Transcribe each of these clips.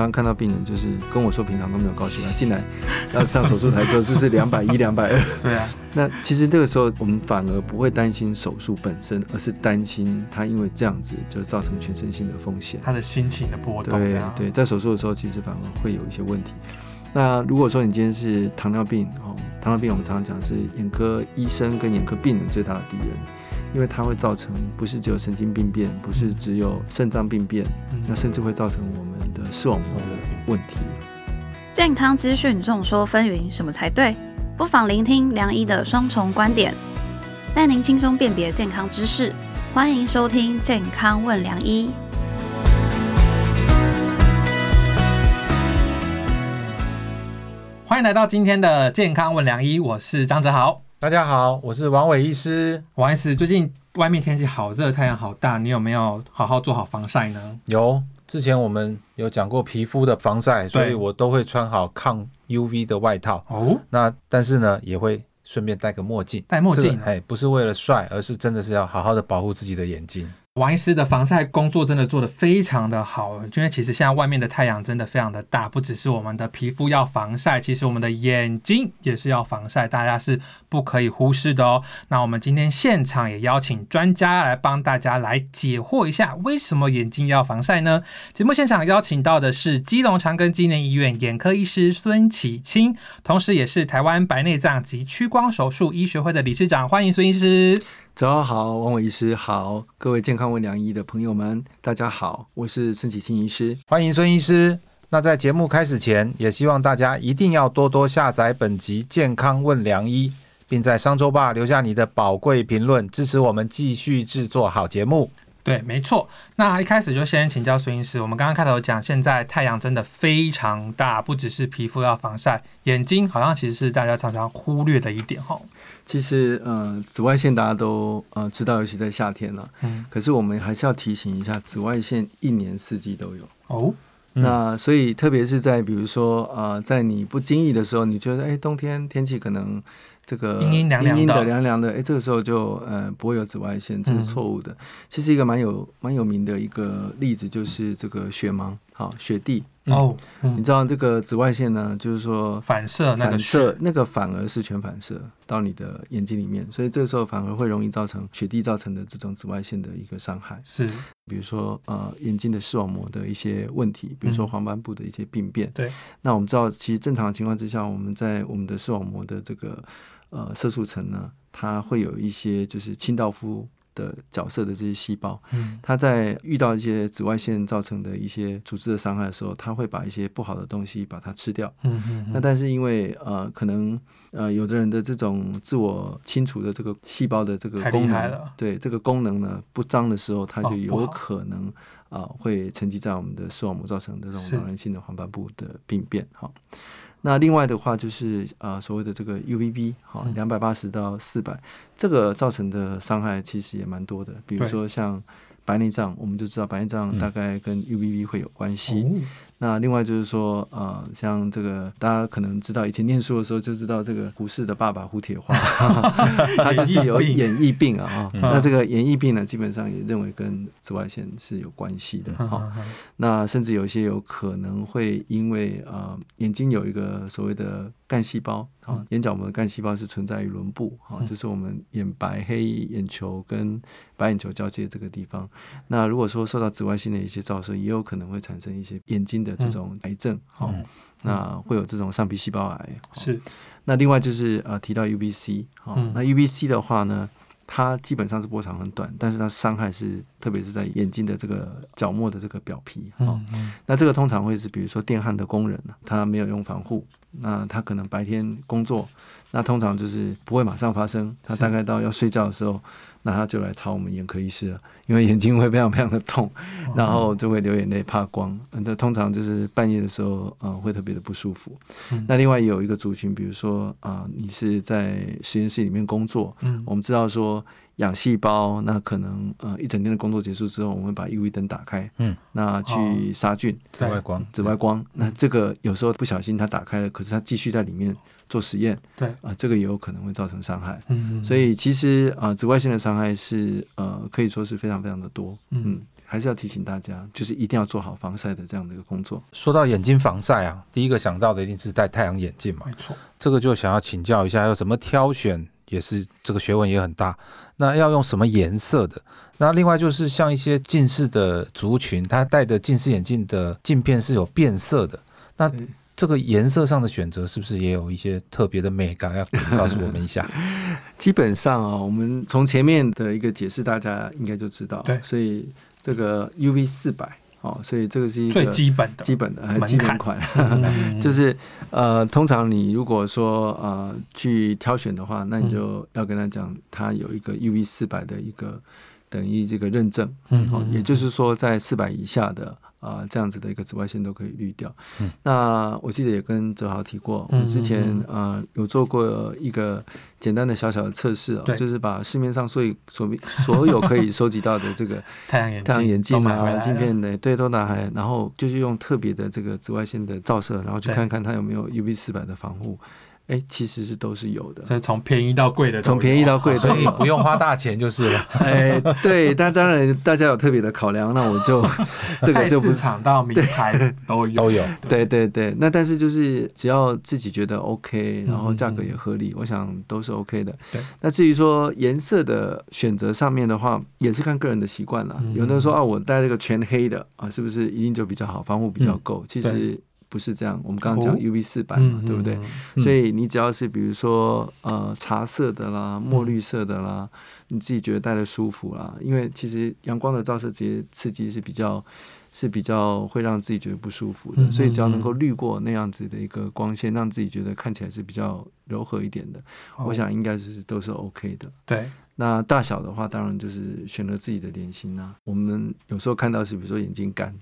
剛剛看到病人就是跟我說平常都沒有高血壓，進來，要上手術台之後就是兩百一、兩百二。對啊，那其實這個時候我們反而不會擔心手術本身，而是擔心他因為這樣子就造成全身性的風險，他的心情的波動對。對對，在手術的時候其實反而會有一些問題。那如果說你今天是糖尿病哦，糖尿病我們常常講是眼科醫生跟眼科病人最大的敵人，因為它會造成不是只有神經病變，不是只有腎臟病變，那甚至會造成我們的視網膜的問題。健康資訊眾說紛紜，什麼才對？不妨聆聽良醫的雙重觀點，帶您輕鬆辨別健康知識。歡迎收聽《健康問良醫》。歡迎來到今天的健康問良醫，我是張哲豪。大家好，我是王偉醫師。王醫師，最近外面天氣好熱，太陽好大，你有沒有好好做好防晒呢？有，之前我們有講過皮膚的防曬，對所以我都會穿好抗 UV 的外套。哦，那但是呢，也會順便戴個墨鏡。戴墨鏡，哎、這個，不是為了帥，而是真的是要好好的保護自己的眼睛。王醫師的防曬工作真的做得非常的好，因為其實現在外面的太陽真的非常的大，不只是我們的皮膚要防曬，其實我們的眼睛也是要防曬，大家是不可以忽視的哦。那我們今天現場也邀請專家來幫大家來解惑一下，為什麼眼睛要防曬呢？節目現場邀請到的是基隆長庚紀念醫院眼科醫師孫啟欽，同時也是台灣白內障及屈光手術醫學會的理事長，歡迎孫醫師。早上好，王偉醫師好，各位健康問良醫的朋友們，大家好，我是孫啟欽醫師。歡迎孫醫師。那在節目開始前，也希望大家一定要多多下載本集《健康問良醫》，並在商周吧留下你的寶貴評論，支持我們繼續製作好節目。對，沒錯。那一開始就先請教孫醫師，我們剛剛開頭講，現在太陽真的非常大，不只是皮膚要防曬，眼睛好像其實是大家常常忽略的一點，哦、其實呃，紫外線大家都呃知道，尤其在夏天了、啊。嗯。可是我們還是要提醒一下，紫外線一年四季都有哦。嗯、那所以特別是在比如說呃，在你不經意的時候，你覺得哎，冬天天氣可能。這個陰陰涼涼的，涼涼的，哎，這個時候就呃不會有紫外線，這是錯誤的。嗯、其實一個蠻有蠻有名的一個例子就是這個雪盲，好雪地哦，地嗯、你知道這個紫外線呢，就是說反射，反射那個那個反而是全反射到你的眼睛裡面，所以這個時候反而會容易造成雪地造成的這種紫外線的一個傷害，是，比如說呃眼睛的視網膜的一些問題，比如說黃斑部的一些病變，嗯、對。那我們知道，其實正常情況之下，我們在我們的視網膜的這個呃，色素層呢，它會有一些就是清道夫的角色的這些細胞，嗯、它在遇到一些紫外線造成的一些組織的傷害的時候，它會把一些不好的東西把它吃掉，嗯嗯，那但是因為呃，可能呃，有的人的這種自我清除的這個細胞的這個功能，對這個功能呢不彰的時候，它就有，有可能啊、哦呃、會沉積在我們的視網膜，造成的這種老人性的黃斑部的病變，哈是。哦那另外的話就是啊、呃，所謂的這個 UVB，好、哦，兩百八十到四百、嗯，這個造成的傷害其實也蠻多的，比如說像白內障，我們就知道白內障大概跟 UVB 會有關係。嗯哦那另外就是說，呃，像這個大家可能知道，以前念書的時候就知道，這個胡適的爸爸胡鐵花， 他就是有眼翳病啊。 那這個眼翳病呢，基本上也認為跟紫外線是有關係的。哈， 那甚至有些有可能會因為呃，眼睛有一個所謂的。幹細胞啊，眼角膜的幹細胞是存在於輪部啊，這、就是我們眼白、黑眼球跟白眼球交界的這個地方。那如果說受到紫外線的一些照射，也有可能會產生一些眼睛的這種癌症啊。嗯、那會有這種上皮細胞癌是。那另外就是呃提到 UVC 啊，那 UVC 的話呢，它基本上是波長很短，但是它傷害是，特別是在眼睛的這個角膜的這個表皮啊。嗯嗯、那這個通常會是比如說電焊的工人，他沒有用防護。那他可能白天工作，那通常就是不會馬上發生。他大概到要睡覺的時候，是那他就來吵我們眼科醫師了。因為眼睛會非常非常的痛，然後就會流眼淚、怕光。那、呃、通常就是半夜的時候，呃，會特別的不舒服。嗯、那另外有一個族群，比如說啊、呃，你是在實驗室裡面工作，嗯，我們知道說養細胞，那可能呃一整天的工作結束之後，我們會把 UV 燈打開，嗯，那去殺菌，紫外光、呃，紫外光。對那這個有時候不小心它打開了，可是它繼續在裡面做實驗，對，啊，這個也有可能會造成傷害。嗯對，所以其實啊、呃，紫外線的傷害是呃，可以說是非常。非常的多，嗯，還是要提醒大家，就是一定要做好防曬的這樣的一個工作。說到眼睛防曬啊，第一個想到的一定是戴太陽眼鏡嘛，沒錯。這個就想要請教一下，要怎麼挑選，也是這個學問也很大。那要用什麼顏色的？那另外就是像一些近視的族群，他戴的近視眼鏡的鏡片是有變色的。那這個顏色上的選擇是不是也有一些特別的美感？要告訴我們一下。 基本上啊、哦，我們從前面的一個解釋，大家應該就知道。對，所以這個 UV 四百哦，所以這個是一個基最基本的基本的還是基本款。檻 就是呃，通常你如果說呃去挑選的話，那你就要跟他講，嗯、它有一個 UV 四百的一個等於這個認證。哦、嗯,嗯嗯。也就是說，在四百以下的。啊、呃，這樣子的一個紫外線都可以濾掉。嗯、那我記得也跟哲豪提過，我們之前啊、嗯嗯嗯呃、有做過一個簡單的小小的測試啊，對就是把市面上所以所所有可以收集到的這個 太陽眼鏡、太陽鏡、啊 oh、片的，對，都拿來，嗯、然後就是用特別的這個紫外線的照射，然後去看看它有沒有 UV 四百的防護。哎，其實是都是有的，從便宜到貴的，從便宜到貴，所以不用花大錢就是了。哎，對，但當然大家有特別的考量，那我就這個就不是，菜市場到名牌都有都有，對對對。那但是就是只要自己覺得 OK，然後價格也合理，我想都是 OK 的。那至於說顏色的選擇上面的話，也是看個人的習慣了。有的人說啊，我戴這個全黑的啊，是不是一定就比較好，防護比較夠？其實。不是這樣，我們剛剛講 UV 四百嘛，哦嗯嗯、對不對？嗯、所以你只要是比如說，呃，茶色的啦，墨綠色的啦，嗯、你自己覺得戴的舒服啦，因為其實陽光的照射直接刺激是比較，是比較會讓自己覺得不舒服的。嗯、所以只要能夠濾過那樣子的一個光線，嗯、讓自己覺得看起來是比較柔和一點的，嗯、我想應該是都是 OK 的。對，那大小的話，當然就是選擇自己的臉型啦。我們有時候看到是，比如說眼睛乾。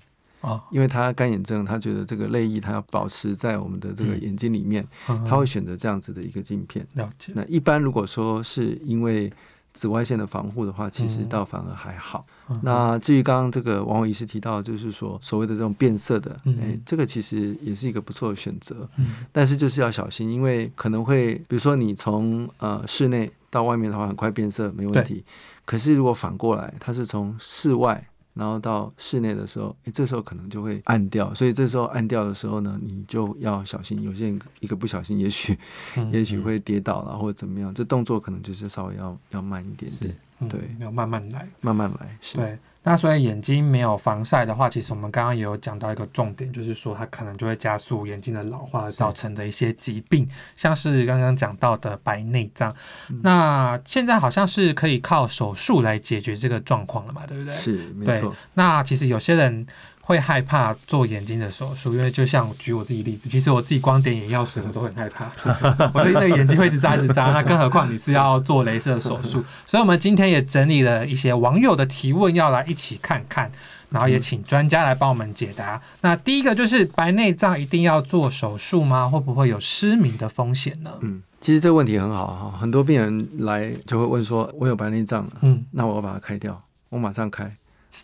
啊，因為他乾眼症，他覺得這個淚液他要保持在我們的這個眼睛裡面，嗯嗯、了解。他會選擇這樣子的一個鏡片。那一般如果說是因為紫外線的防護的話，其實倒反而還好。嗯嗯、那至於剛剛這個王偉醫師提到，就是說所謂的這種變色的，嗯、哎，這個其實也是一個不錯的選擇。嗯、但是就是要小心，因為可能會，比如說你從呃室內到外面的話，很快變色沒問題。對可是如果反過來，它是從室外。然後到室內的時候，哎，這時候可能就會暗掉，所以這時候暗掉的時候呢，你就要小心。有些人一個不小心，也許，嗯嗯，也許會跌倒了或者怎麼樣，這動作可能就是稍微要要慢一點點，是對、嗯，要慢慢來，慢慢來，是那所以眼睛沒有防曬的話，其實我們剛剛也有講到一個重點，就是說它可能就會加速眼睛的老化，造成的一些疾病，是像是剛剛講到的白內障。嗯、那現在好像是可以靠手術來解決這個狀況了嘛，對不對？是，沒錯。那其實有些人。會害怕做眼睛的手術，因為就像舉我自己例子，其實我自己光點眼藥水我都很害怕， 我覺得那個眼睛會一直眨一直眨， 那更何況你是要做雷射手術。 所以，我們今天也整理了一些網友的提問，要來一起看看，然後也請專家來幫我們解答。嗯。那第一個就是白內障一定要做手術嗎？會不會有失明的風險呢？嗯，其實這個問題很好哈，很多病人來就會問說，我有白內障了，嗯，那我要把它開掉，我馬上開，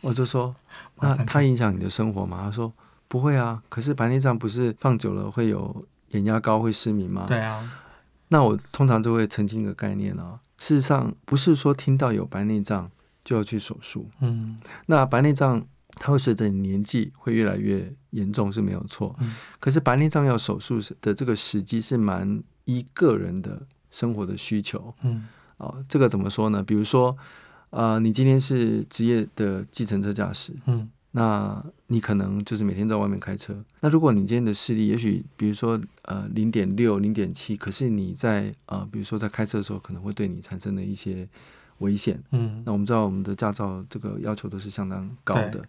我就說。那它影響你的生活嗎？他說不會啊。可是白內障不是放久了會有眼壓高、會失明嗎？對啊。那我通常就會澄清一個概念啊：事實上不是說聽到有白內障就要去手術。嗯。那白內障它會隨着你年紀會越來越嚴重是沒有錯。嗯。可是白內障要手術的這個時機是蠻依個人的生活的需求。嗯。哦，這個怎麼說呢？比如說。啊、呃，你今天是職業的計程車駕駛，嗯，那你可能就是每天在外面開車。那如果你今天的視力，也許比如說呃零點六、零點七，可是你在啊、呃，比如說在開車的時候，可能會對你產生的一些。危險，嗯，那我們知道我們的駕照這個要求都是相當高的，對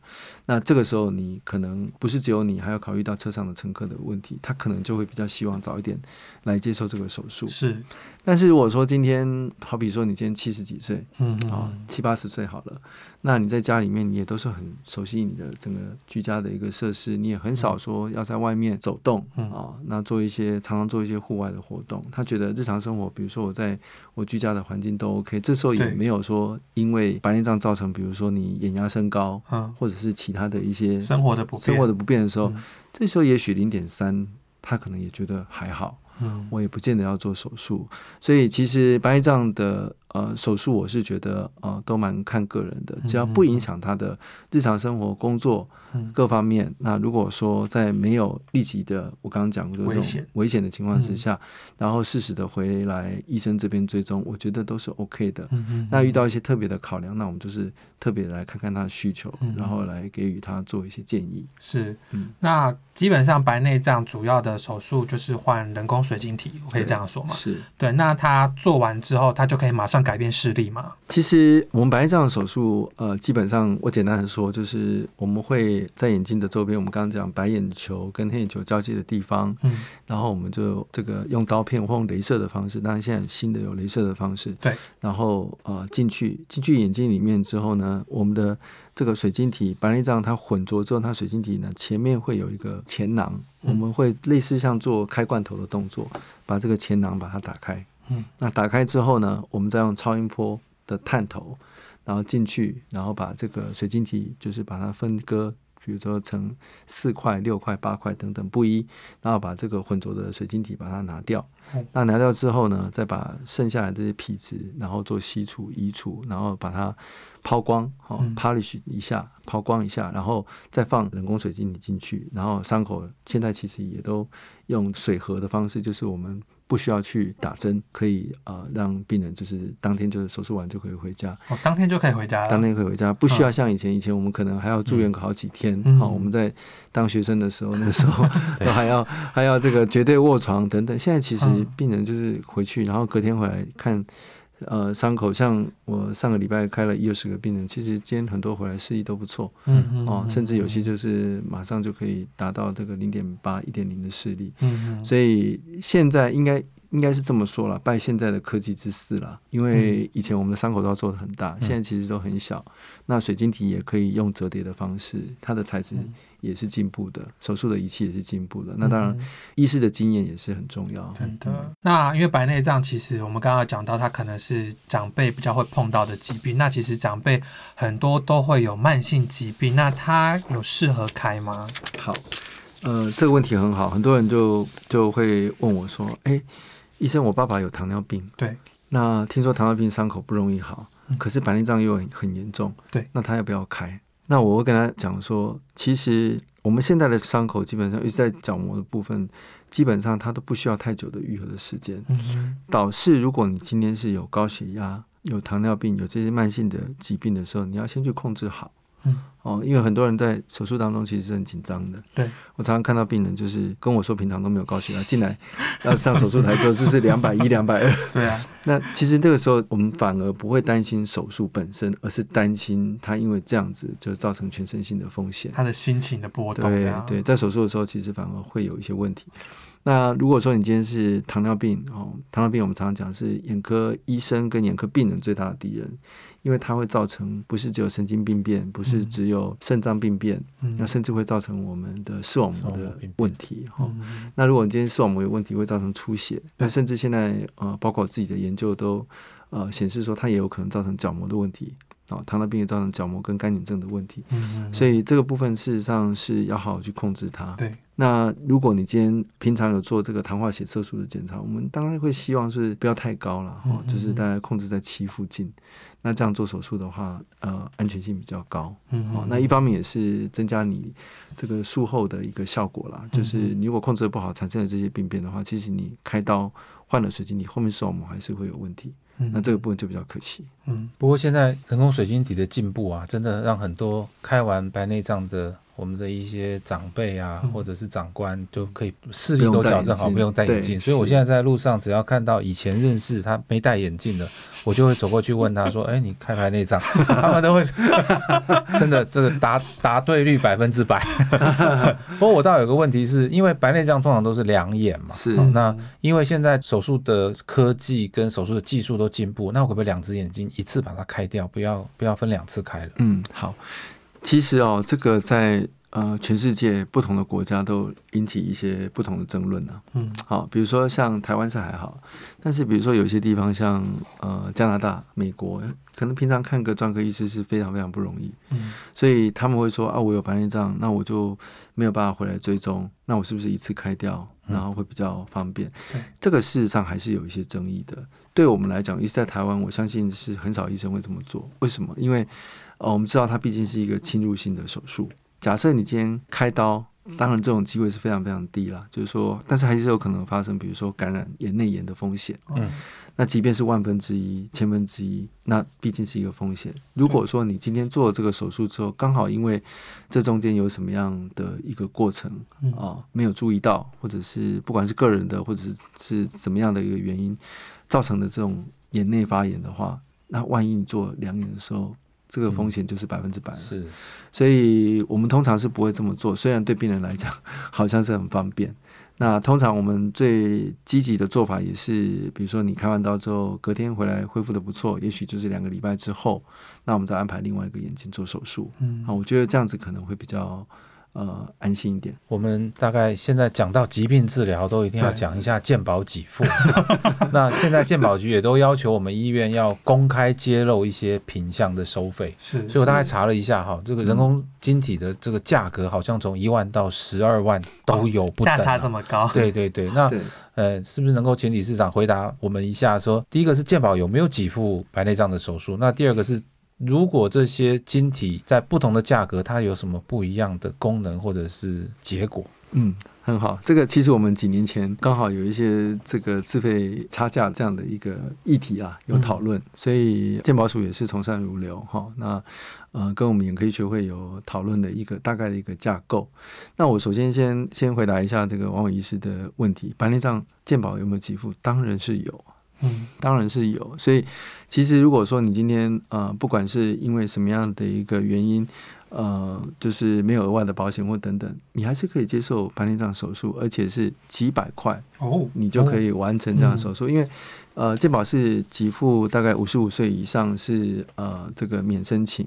那這個時候你可能不是只有你，還要考慮到車上的乘客的問題，他可能就會比較希望早一點來接受這個手術。是，但是如果說今天，好比說你今天七十幾歲，哦、嗯啊哼七八十歲好了，那你在家裡面你也都是很熟悉你的整個居家的一個設施，你也很少說要在外面走動，啊、嗯哦，那做一些常常做一些戶外的活動，他覺得日常生活，比如說我在我居家的環境都 OK，這時候也。沒有說因為白內障造成，比如說你眼壓升高，嗯，或者是其他的一些生活的不生活的不便的時候，這時候也許零點三，他可能也覺得還好，嗯，我也不見得要做手術，所以其實白內障的。呃，手術我是覺得呃，都蠻看個人的，只要不影響他的日常生活、工作各方面，嗯嗯、那如果說在沒有立即的，我剛剛講過這種危險的情況之下，嗯嗯、然後適時的回來醫生這邊追蹤，我覺得都是 OK 的。嗯嗯嗯、那遇到一些特別的考量，那我們就是特別來看看他的需求，嗯、然後來給予他做一些建議。是，嗯、那基本上白內障主要的手術就是換人工水晶體，我可以這樣說嗎？是。對，那他做完之後，他就可以馬上。改變視力嗎？其實我們白內障手術，呃，基本上我簡單的說，就是我們會在眼睛的周邊，我們剛剛講白眼球跟黑眼球交接的地方，嗯，然後我們就這個用刀片或用雷射的方式，當然現在新的有雷射的方式，對，然後呃進去進去眼睛裡面之後呢，我們的這個水晶體白內障它混濁之後，它水晶體呢前面，會有一個前囊，我們會類似像做開罐頭的動作，把這個前囊把它打開。嗯、那打開之後呢，我們再用超音波的探頭，然後進去，然後把這個水晶體就是把它分割，比如說成四塊、六塊、八塊等等不一，然後把這個混濁的水晶體把它拿掉。嗯、那拿掉之後呢，再把剩下來的這些皮質，然後做吸除、移除，然後把它拋光，好，polish、嗯、一下，拋光一下，然後再放人工水晶體進去，然後傷口現在其實也都用水合的方式，就是我們。不需要去打針，可以啊、呃，讓病人就是當天就是手術完就可以回家，哦，當天就可以回家，當天可以回家，不需要像以前，嗯、以前我們可能還要住院好幾天好，嗯，我們在當學生的時候，那時候都還要、 啊、還要這個絕對臥床等等。現在其實病人就是回去，然後隔天回來看。呃，傷口，像我上個禮拜開了一二十個病人，其實今天很多回來視力都不錯，嗯哦，嗯嗯啊、甚至有些就是馬上就可以達到這個零點八、一點零的視力，嗯，嗯所以現在應該。應該是這麼說了，拜現在的科技之賜了。因為以前我們的傷口都要做得很大，嗯、現在其實都很小。那水晶體也可以用折疊的方式，它的材質也是進步的，嗯、手術的儀器也是進步的。那當然，醫師的經驗也是很重要。真的。那因為白內障，其實我們剛剛講到，它可能是長輩比較會碰到的疾病。那其實長輩很多都會有慢性疾病，那它有適合開嗎？好，呃，這個問題很好，很多人就就會問我說，誒、欸……醫生，我爸爸有糖尿病，對。那聽說糖尿病傷口不容易好，嗯、可是白內障又很很嚴重，對。那他要不要開？那我會跟他講說，其實我們現在的傷口基本上，一直在角膜的部分，基本上它都不需要太久的愈合的時間。嗯、哼倒是如果你今天是有高血壓、有糖尿病、有這些慢性的疾病的時候，你要先去控制好。哦，嗯、因為很多人在手術當中其實是很緊張的。對，我常常看到病人就是跟我說，平常都沒有高血壓，進來要上手術台之後就是兩百一、兩百二。對啊，那其實這個時候我們反而不會擔心手術本身，而是擔心他因為這樣子就造成全身性的風險。他的心情的波動、啊。對對，在手術的時候，其實反而會有一些問題。那如果說你今天是糖尿病，哦，糖尿病我們常常講是眼科醫生跟眼科病人最大的敵人，因為它會造成不是只有神經病變，不是只有腎臟病變，嗯、那甚至會造成我們的視網膜的問題，哈、哦。那如果你今天視網膜有問題，會造成出血，那甚至現在呃，包括我自己的研究都呃顯示說，它也有可能造成角膜的問題。哦，糖尿病也造成角膜跟乾眼症的問題，嗯啊、所以這個部分事實上是要好好去控制它。對那如果你今天平常有做這個糖化血色素的檢查，我們當然會希望是不要太高了，哦，嗯嗯，就是大概控制在七附近。那這樣做手術的話，呃，安全性比較高。嗯哦哼，那一方面也是增加你這個術後的一個效果啦。嗯、哼就是你如果控制不好，產生了這些病變的話，其實你開刀換了水晶體，你後面視網膜還是會有問題。嗯哼。那這個部分就比較可惜。嗯。不過現在人工水晶體的進步啊，真的讓很多開完白內障的。我們的一些長輩啊，或者是長官，嗯、就可以視力都矯正好，不用戴眼鏡。眼對所以我現在在路上，只要看到以前認識他沒戴眼鏡的，是我就會走過去問他說：“哎、 欸，你開白內障？” 他們都會， 真的這個答答對率百分之百。 不過我倒有個問題是，是因為白內障通常都是兩眼嘛，是好那是。好，那因為現在手術的科技跟手術的技術都進步，那我可不可以兩隻眼睛一次把它開掉，不要不要分兩次開了？嗯，好。其實哦，這個在呃全世界不同的國家都引起一些不同的爭論呢、啊。嗯、好、哦，比如說像台灣是還好，但是比如說有些地方像呃加拿大、美國，可能平常看個專科醫師是非常非常不容易。嗯，所以他們會說啊，我有白內障，那我就沒有辦法回來追蹤，那我是不是一次開掉，然後會比較方便？嗯、這個事實上還是有一些爭議的。對我們來講，尤其在台灣，我相信是很少醫生會這麼做。為什麼？因為哦，我們知道它畢竟是一個侵入性的手術。假設你今天開刀，當然這種機會是非常非常低啦。就是說，但是還是有可能發生，比如說感染、眼內炎的風險。嗯，那即便是萬分之一、千分之一，那畢竟是一個風險。如果說你今天做了這個手術之後，剛好因為這中間有什麼樣的一個過程啊，哦，沒有注意到，或者是不管是個人的，或者是是怎麼樣的一個原因造成的這種眼內發炎的話，那萬一你做兩眼的時候，這個風險就是百分之百了。嗯，是，所以我們通常是不會這麼做。雖然對病人來講好像是很方便，那通常我們最積極的做法也是，比如說你開完刀之後，隔天回來恢復的不錯，也許就是兩個禮拜之後，那我們再安排另外一個眼睛做手術。嗯，啊，我覺得這樣子可能會比較。呃、嗯，安心一點。我們大概現在講到疾病治療，都一定要講一下健保給付。 那現在健保局也都要求我們醫院要公開揭露一些品項的收費。是，是，所以我大概查了一下哈，這個人工晶體的這個價格好像從一萬到十二萬都有不等。哦、價差這麼高？對對對。那對呃，是不是能夠請理事長回答我們一下說，說第一個是健保有沒有給付白內障的手術？那第二個是？如果這些晶體在不同的價格，它有什麼不一樣的功能或者是結果？嗯，很好，這個其實我們幾年前剛好有一些這個自費差價這樣的一個議題啊，有討論，嗯、所以健保署也是從善如流哈。那呃，跟我們眼科學會有討論的一個大概的一個架構。那我首先先先回答一下這個王偉醫師的問題：白內障健保有沒有給付？當然是有。嗯，當然是有。所以其實如果說你今天呃，不管是因為什麼樣的一個原因，呃，就是沒有額外的保險或等等，你還是可以接受白內障手術，而且是幾百塊哦，你就可以完成這樣的手術。哦，因為呃，健保是給付大概五十五歲以上是呃這個免申請。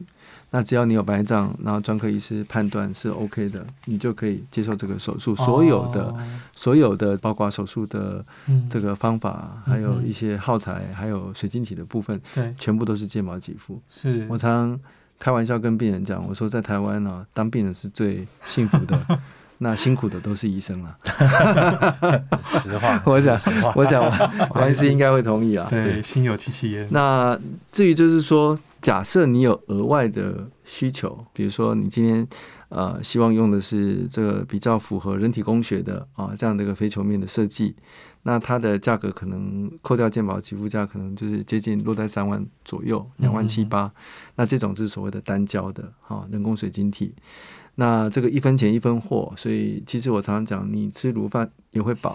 那只要你有白內障，然後專科醫師判斷是 OK 的，你就可以接受這個手術。所有的、所有的，包括手術的這個方法，還有一些耗材，還有水晶體的部分，對，全部都是健保給付。是我常開玩笑跟病人講，我說在台灣呢，當病人是最幸福的，那辛苦的都是醫生了。實話，我講實話，我講王醫師應該會同意啊。對，心有戚戚焉。那至於就是說。假設你有額外的需求，比如說你今天，呃，希望用的是這個比較符合人體工學的啊，這樣的一個非球面的設計，那它的價格可能扣掉健保起步價，可能就是接近落在三萬左右，兩萬七八。那這種是所謂的單焦的哈、啊，人工水晶體。那這個一分錢一分貨，所以其實我常常講，你吃滷飯也會飽，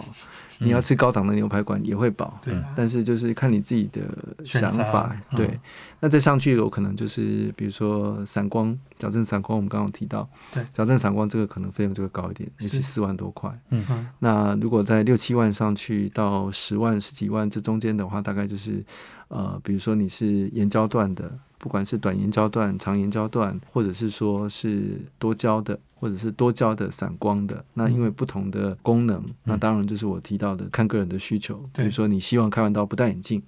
你要吃高檔的牛排館也會飽，對、嗯。但是就是看你自己的想法，嗯、對。那再上去有可能就是，比如說散光矯正散光，光我們剛剛提到，對。矯正散光這個可能費用就會高一點，也許四萬多塊。嗯。那如果在六七萬上去到十萬十幾萬這中間的話，大概就是呃，比如說你是延焦段的。不管是短延焦段、長延焦段，或者是說是多焦的，或者是多焦的散光的，那因為不同的功能，那當然就是我提到的看個人的需求。嗯、比如說你希望開完刀不戴眼鏡，對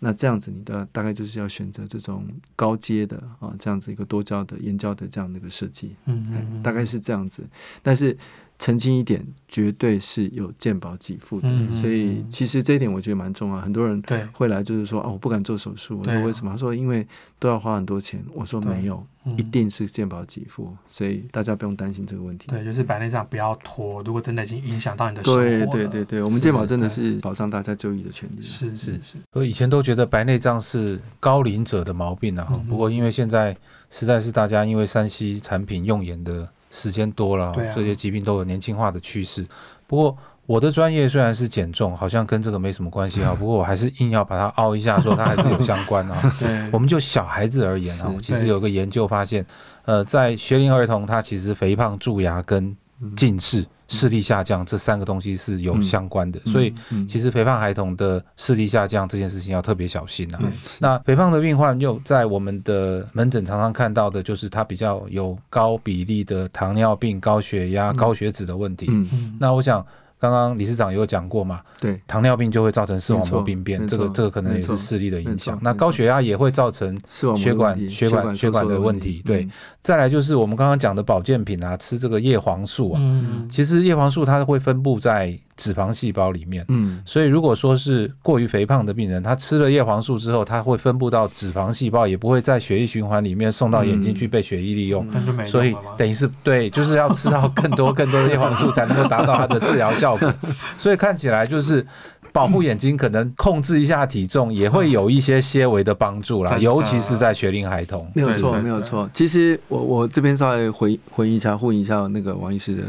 那這樣子你的大概就是要選擇這種高階的啊，這樣子一個多焦的延焦的這樣的一個設計，嗯，嗯，嗯，嗯，大概是這樣子，但是。澄清一點，絕對是有健保給付的，嗯、所以其實這一點我覺得蠻重要。很多人會來就是說，哦對、啊，我不敢做手術，我說為什麼？他說因為都要花很多錢，我說沒有，對一定是健保給付，所以大家不用擔心這個問題。對，就是白內障不要拖，如果真的已經影響到你的生活。對，對對對對，我們健保真的是保障大家就醫的權利。是是是，是是是，我以前都覺得白內障是高齡者的毛病啊，嗯嗯，不過因為現在實在是大家因為 3C 產品用眼的。時間多了，哦，啊、這些疾病都有年輕化的趨勢。不過我的專業雖然是減重，好像跟這個沒什麼關係哈、啊。嗯、不過我還是硬要把它凹一下，說它還是有相關的，啊。 啊、我們就小孩子而言啊，是我其實有個研究發現，對呃，在學齡兒童，他其實肥胖、蛀牙跟近視，嗯嗯視力下降這三個東西是有相關的，嗯、所以其實肥胖孩童的視力下降這件事情要特別小心吶、啊。嗯、那肥胖的病患又在我們的門診常常看到的，就是他比較有高比例的糖尿病、高血壓、高血脂的問題。嗯、那我想。剛剛理事長也有講過嘛？對，糖尿病就會造成視網膜病變，沒錯，這個這個可能也是視力的影響。沒錯，那高血壓也會造成血管，沒錯，血管血管，粗粗血管的問題。嗯、對，再來就是我們剛剛講的保健品啊，吃這個葉黃素啊。嗯，其實葉黃素它會分布在。脂肪細胞裡面，嗯，所以如果說是過於肥胖的病人，他吃了葉黃素之後，他會分布到脂肪細胞，也不會在血液循環裡面送到眼睛去被血液利用，嗯、所以等於是、嗯、對，就是要吃到更多更多的葉黃素才能夠達到它的治療效果， 所以看起來就是。保護眼睛，可能控制一下體重，也會有一些些微的幫助啦，嗯啊、尤其是在學齡孩童。沒有錯，沒有錯。其實我我這邊稍微回回憶一下，呼應一下那個王醫師的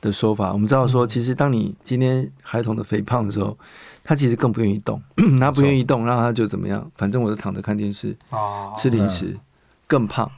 的說法。我們知道說，其實當你今天孩童的肥胖的時候，他其實更不願意動，他、嗯嗯嗯、不願意動，然後他就怎麼樣？反正我就躺着看電視，吃零食，更胖。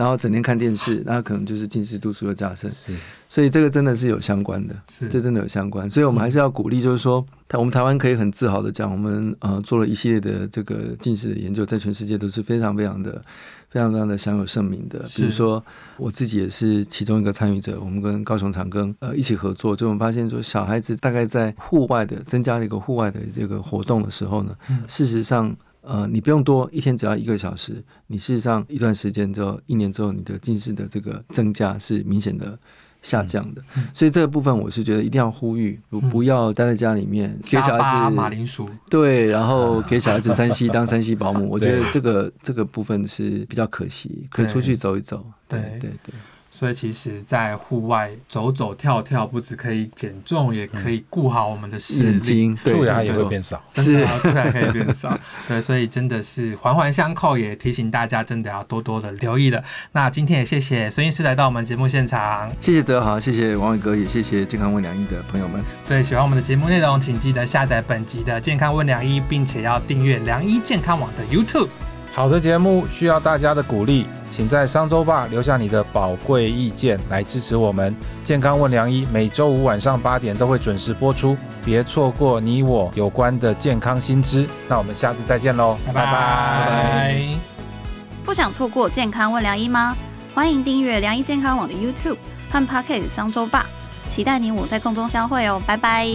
然後整天看電視，那可能就是近視度數的加深。是所以這個真的是有相關的，是這真的有相關。所以我們還是要鼓勵，就是說、嗯，台，我們台灣可以很自豪的講，我們呃做了一系列的這個近視的研究，在全世界都是非常非常的、非常非常的享有盛名的。比如說，我自己也是其中一個參與者，我們跟高雄長庚呃一起合作，就我們發現說，小孩子大概在戶外的增加了一個戶外的這個活動的時候呢，事實上。呃，你不用多，一天只要一個小時，你事實上一段時間之後，一年之後，你的近視的這個增加是明顯的下降的，嗯嗯、所以這個部分我是覺得一定要呼籲，不要待在家裡面，嗯、給小孩子、馬鈴薯、啊、對，然後給小孩子 3C 當 3C 保姆， 我覺得這個對這個部分是比較可惜，可以出去走一走，對對,對對對。所以其實，在戶外走走跳跳，不只可以減重，嗯、也可以顧好我們的視力，蛀牙、嗯、也會變少，是啊，蛀牙可以變少。 對，所以真的是環環相扣，也提醒大家，真的要多多的留意了。那今天也謝謝孫醫師來到我們節目現場，謝謝哲豪，謝謝王偉哥，也謝謝健康問良醫的朋友們。對，喜歡我們的節目內容，請記得下載本集的《健康問良醫》，並且要訂閱良醫健康網的 YouTube。好的節目需要大家的鼓勵，請在商周吧留下你的寶貴意見來支持我們。健康問良醫每周五晚上八點都會準時播出，別錯過你我有關的健康新知。那我們下次再見嘍，拜拜！不想錯過健康問良醫嗎？歡迎訂閱良醫健康網的 YouTube 和 Pocket 商周吧，期待你我在空中相會哦，拜拜！